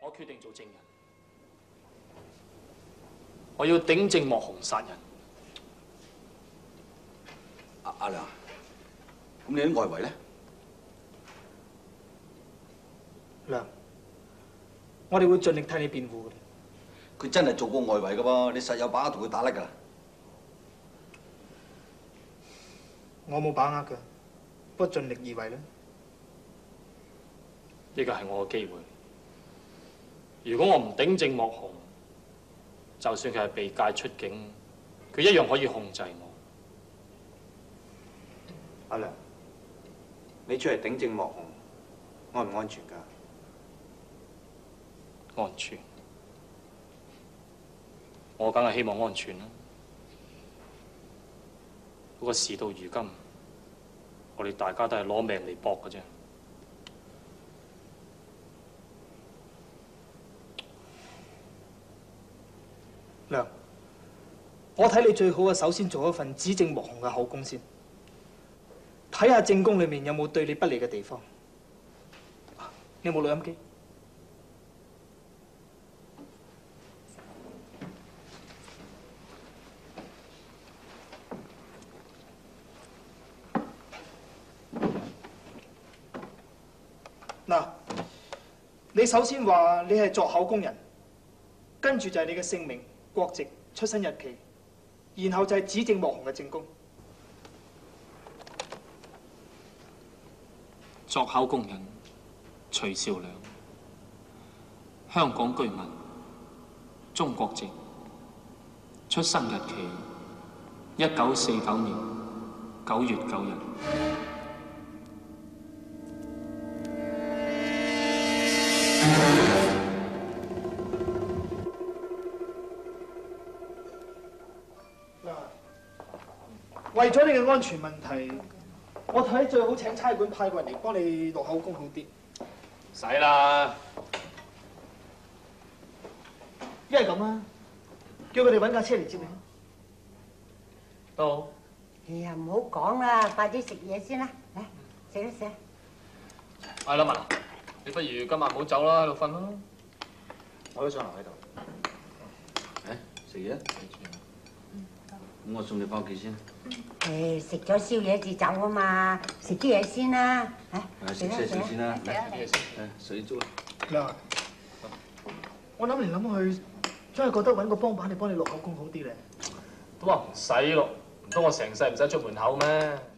我決定做證人，我人，我要頂正莫紅殺人。阿阿梁，咁你喺外圍呢？梁，我哋會盡力替你辯護嘅。佢真係做過外圍噶喎，你實有把握同佢打甩噶？我冇把握㗎，不過盡力而為啦。呢個係我嘅機會。如果我唔頂正莫紅，就算佢係被戒出境，佢一樣可以控制我。阿梁，你出嚟頂正莫紅，安唔安全噶？安全。我梗係希望安全啦，不過事到如今，我哋大家都係攞命嚟搏嘅啫。娘，我睇你最好啊，首先做一份指證莫雄嘅口供先，睇下正宮裏面有冇對你不利嘅地方。你有冇錄音機？嗱，你首先話你係作口工人，跟住就係你嘅姓名、國籍、出生日期，然後就係指證莫雄嘅證供。作口工人徐少良，香港居民，中國籍，出生日期一九四九年九月九日。為咗你嘅安全問題，我睇最好請差館派個人嚟幫你落口供好啲。使啦，一係咁啦，叫佢哋搵架車嚟接你。都好。哎呀，唔好講啦，快啲食嘢先啦，嚟，食一食。係啦，文，你不如今晚唔好走啦，喺度瞓啦。我都想留喺度。誒，食嘢。咁我送你翻屋企先。誒、欸，食咗宵夜至走啊嘛，食啲嘢先啦。啊，食啲嘢先啦，嚟，嚟食，嚟水粥。嗱，我諗嚟諗去，真係覺得揾個幫辦嚟幫你落口供好啲咧。都話，唔使咯，唔通我成世唔使出門口咩？